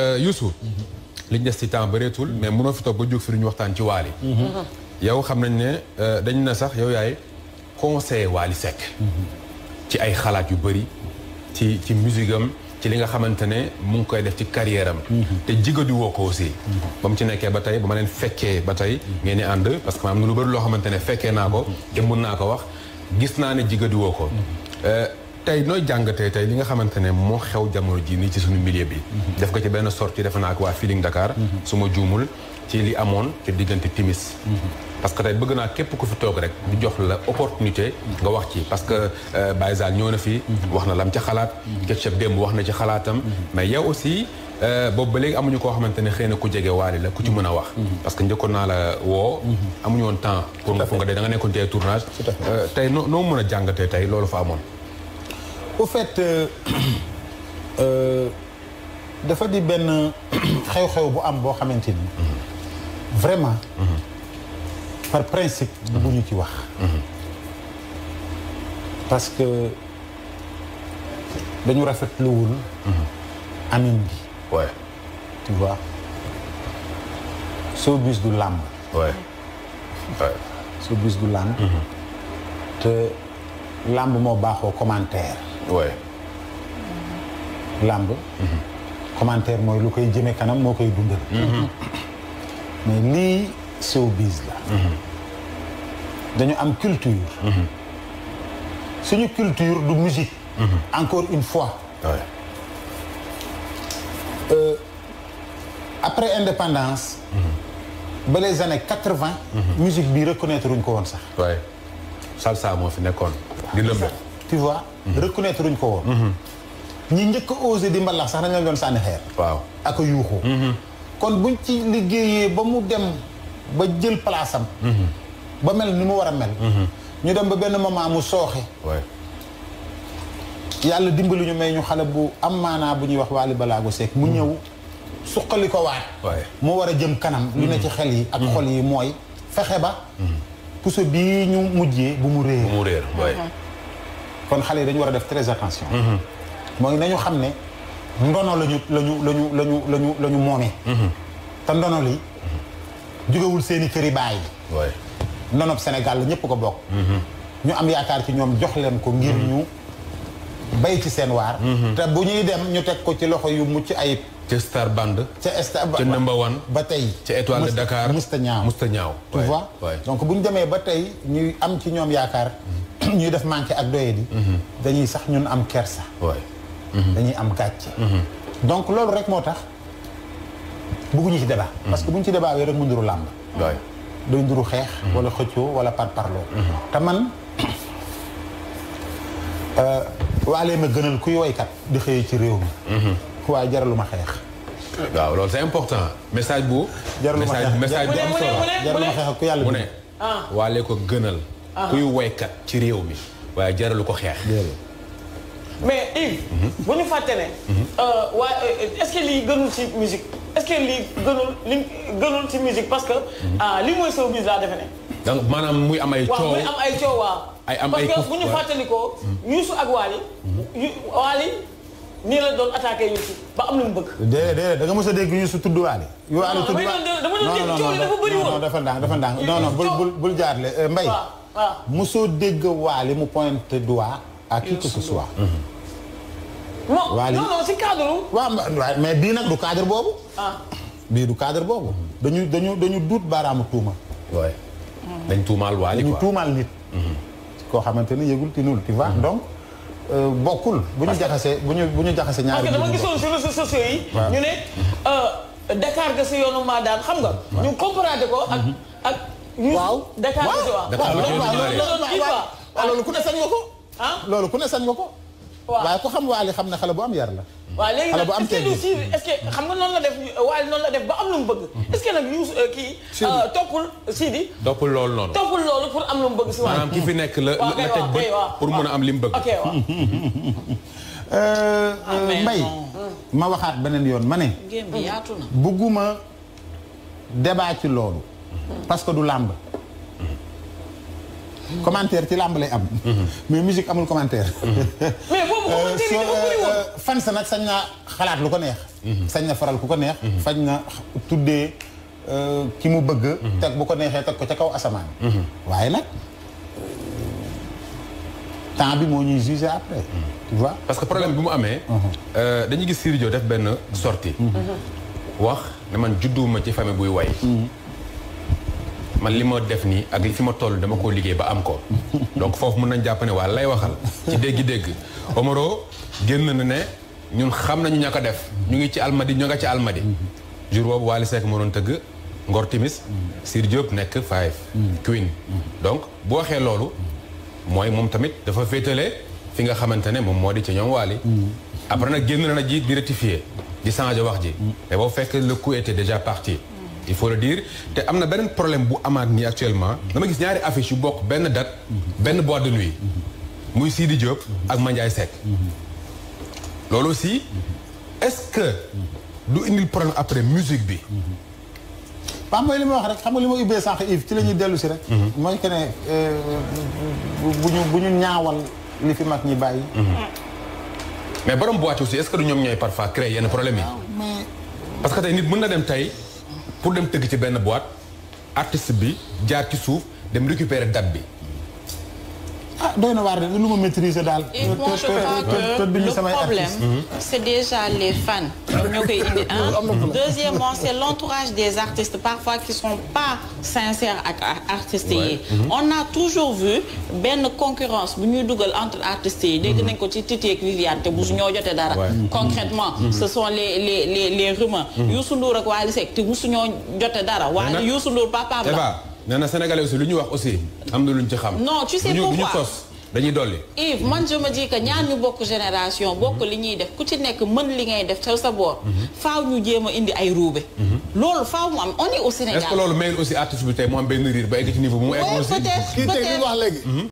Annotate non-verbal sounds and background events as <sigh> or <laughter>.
Euh, Youssou liñ des ci temps bareetul mais mënoo fi toog ba jóg fi ñu waxtaan ci Waly yow xam nañ ne euh, dañ na sax yow yaay conseiller Waly sekk ci ay xalaat yu bëri ci ci musique ci li nga xamante ne mu ngi koy def ci carrière am te jigadu woo ko aussi ba mu ci nekkee ba tey ba ma leen fekkee ba tey ngeen di ànd parce que ma am na loo xamante ne fekkee naa ko te naa ko wax gis naa ne jigadu woo ko euh, tey nooy jàngatee tey li nga xamante ne moo xew jamono ji nii ci suñu milieu bi. def ko ci benn sortie defe naa ak waa Feeling Dakar. Mhm. suma ma juumul ci li amoon ci diggante timis. Mhm. parce que tey bëgg naa képp ku fi toog rek di jox la opportunité nga wax ci parce que euh, Baye Zal ñëw na fi. Mhm. wax na la lam ci xalaat. Ketchup démb wax na ci xalaatam. mais yow aussi euh, boobu ba léegi amuñu koo xamante ne xëy na ku jege waali la ku ci mën a wax. parce que njëkkoon naa la woo. amuñu woon temps pour nga fu nga dee da nga nekkoon ci ay euh, tey noo noo mën a jàngatee tey loolu fa amoon. au fait euh, <clears throat> euh, dafa di benn <clears throat> xew-xew bu am boo xamante ni vraiment par principe bu ñu ci wax parce que dañu rafetluwul amin bi ouais tu vois showbiz du làmb ouais ouais du làmb mm-hmm. làmb moo baaxoo commentaire. oui. làmb. Mm-hmm. commentaire mooy lu koy jëme kanam moo koy dundal. Mm-hmm. mais lii showbiz la. Mm-hmm. dañu am culture. suñu culture du musique. encore une fois. Euh, après indépendance. ba les années quatre-vingt. musique bi reconnaître uñ ko woon sax. Salsa moo fi nekkoon di lëmbe tu vois mhm. reconnaître ñu ko woon mhm. ñi njëkk a osé di mbalax sax dañoo doon sànni xeer waaw ak a yuuxu mhm. kon buñ ci liggéeyee ba mu dem ba jël palaasam ba mel ni mu war a mel ñu dem ba benn moment mu sooxe yàlla dimbali ñu may ñu xale bu am maanaa bu ñuy wax Waly Balago Seck mu ñëw suqali ko waat mu war a jëm kanam lu ne ci xel yi ak xol yi mooy fexe ba puso bii ñu mujjee bu mu réer. bu mu réer mhm. kon xale yi dañu war a def très attention. Mhm. mooy nañu xam ne ndono lañu lañu lañu lañu lañu lañu moomee. Mhm. te ndono li jógewul seeni këri baay. waay ndonob Sénégal la ñëpp ko bokk. ñu am yaakaar ci ñoom jox leen ko ngir ñu bay ci seen waar. te bu ñuy dem ñu teg ko ci loxo yu mucc ay ca Star Band. ca Star Band ca ba tey ca Étoile de Dakar musta ñaaw musta ñaaw. tu vois donc bu ñu demee ba tey ñuy am ci ñoom yaakaar. Mhm. ñuy def manqué ak doyadi. Mhm. dañuy sax ñun am kersa. Mhm. dañuy am gàcce. donc loolu rek moo tax bëgguñu ci débat. parce que buñ ci débat wee rek mu nduru làmb. waay day nduru xeex. walla xëccoo wala par parloo. te man euh, waalee ma gënal kuy woykat di xëyee ci réew mi. waaye jaraluma xeex. waaw loolu c'est important message bu. jaraluma xeex message bu am solo jaraluma xeex ak ku yàlla. mu ne ah. waalee ko gënal. Ah. kuy woykat ci réew mi waaye jaralu ko xeex. mais Yves. Mhm. bu ñu fàtte ne. Mhm. Euh, waa est-ce que lii gënul ci musique est-ce que lii gënul li gënul ci musique parce que. Mhm. Ah, li mooy showbiz laa defe ne. donc maanaam muy am ay coow waaw muy am ay coow waaw. ay am ay parce que bu ñu fàttalikoo. Youssou ak Wally. Wally. nii la doon attaqué Youssou ba am lu mu bëgg. déedéet déedéet da nga mos a dégg Youssou tudd waale. non non damay doon dafa bëri woon non non dafa ndànk dafa bul bul jaarle euh, Mbaye. waaw waaw mosoo dégg waale mu pointe doigt ak qui que ce soit. waale mm-hmm. non mais bii nag du cadre boobu. Ah. bii du cadre boobu. dañu dañu dañu duut baaraamu tuuma. waay dañ tuumaal waale quoi dañu tuumaal nit. Mm-hmm. koo xamante ne yëgul tinul tu vois mm-hmm. donc. Euh, bokkul bu ñu jaxasee bu ñu bu ñu ñaari. parce que dama gisoon sur ñu ne euh, Dakar ga si yoonu maa daan xam nga. ñu comparé ko ak mhm. ak. waaw Dakar ga si waaw. Dakar ga si waaw loolu ku ne sañ nga ko. Ah? loolu ku ne sañ nga ko. waaye ku xam Waly xam ne xale bu am yar la. waaw léegi nag est-ce que si est-ce que xam nga noonu la def waaye noonu la def ba am lu mu bëgg. Mhm. est-ce que nag yu euh, kii. Euh, toppul Sidi. toppul loolu noonu. toppul loolu pour am lu mu bëgg si waaye. maanaam ki fi nekk la la teg bët pour mën a am li mu bëgg. ok waaw. <laughs> Euh, ah, Mbaye ma waxaat beneen yoon ma ne. géem <laughs> bi yaatu na. bëgguma débat ci loolu. Mhm. parce que du làmb. commentaire ci làmb lay am. mais musique amul commentaire. mais euh, euh, fan sa nag sañ naa xalaat lu ko neex. sañ na faral ku ko neex. fañ na tuddee euh, ki mu bëgg. teg bu ko neexee teg ko ca kaw asamaan. waaye nag temps bi moo ñuy jugé après. tu vois parce que problème bi mu amee. Uh-huh. dañuy gis Sidy Diop def benn sortie uh-huh. wax ne man judduwuma ci famille buy way. Uh-huh. man li ma def nii ak li fi ma toll dama koo liggéey ba am ko. donc foofu mën nañ jàpp ne waa lay waxal. ci dégg-dégg Omaro génn na ne ñun xam nañu ña ko def. ñu ngi ci almadi ñoo nga ci almadi. jour boobu Wally Seck moo doon tëgg Ngor Timis. Sir Diop nekk Five. Queen donc bu waxee loolu. mooy moom tamit dafa féetale fi nga xamante ne moom moo di ci ñoom Wally. après nag génn na na ji di rectifier di wax ji. te boo fekk le coup était déjà parti. il faut le dire te am na beneen problème bu amaat nii actuellement dama gis ñaari affiche yu bokk benn dat benn boîte de nuit muy Sidi Diop ak Mandiaye Seck loolu aussi est-ce que du indil problème après musique bi paa mooy li ma wax rek xam nga li ma ubbee sànq Yves ci la ñuy dellu si rek mhm. mooy que ne euh, bu ñu ñu ñaawal li fi mag ñi bàyyi mhm. mais borom boîte aussi est-ce que du ñoom ñooy parfois créer yenn problème yi parce que tey nit mën na dem tey pour dem teg ci benn boîte artiste bi jaar ci suuf dem récupérer date bi ah doy na waar de lu ma maîtriser daal. et bon je crois que le problème mhm. c'est déjà les fans. Ah. ñoo koy indi un deuxièmement c'est l'entourage des artistes parfois qui sont pas sincères ak artistes yi. Mhm. on a toujours vu benn concurrence bu ñuy dugal entre artistes yi. dégg mhm. nañ ko ci Titi ak Viviane te bu ñoo jotee dara. concrètement ce sont les les les les rumeurs. Youssou Ndour ak Wally Seck te bu ñoo jotee dara. waaye Youssou Ndour papaam la. nee na sénégalais aussi lu ñuy wax aussi am na lu ñu ci xam. non tu sais pourquoi ñu tos dañuy dolli. Yves man je me dis que ñaar ñu bokk génération. bokk li ñuy def ku ci nekk mën li ngay def sa boor. Mhm. faaw ñu jéem a indi ay ruube. Mhm. loolu faaw mu am on est loolu mayul aussi artiste bi tey mu am benn riir ba egg ci niveau bu egg. aussi kii